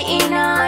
know.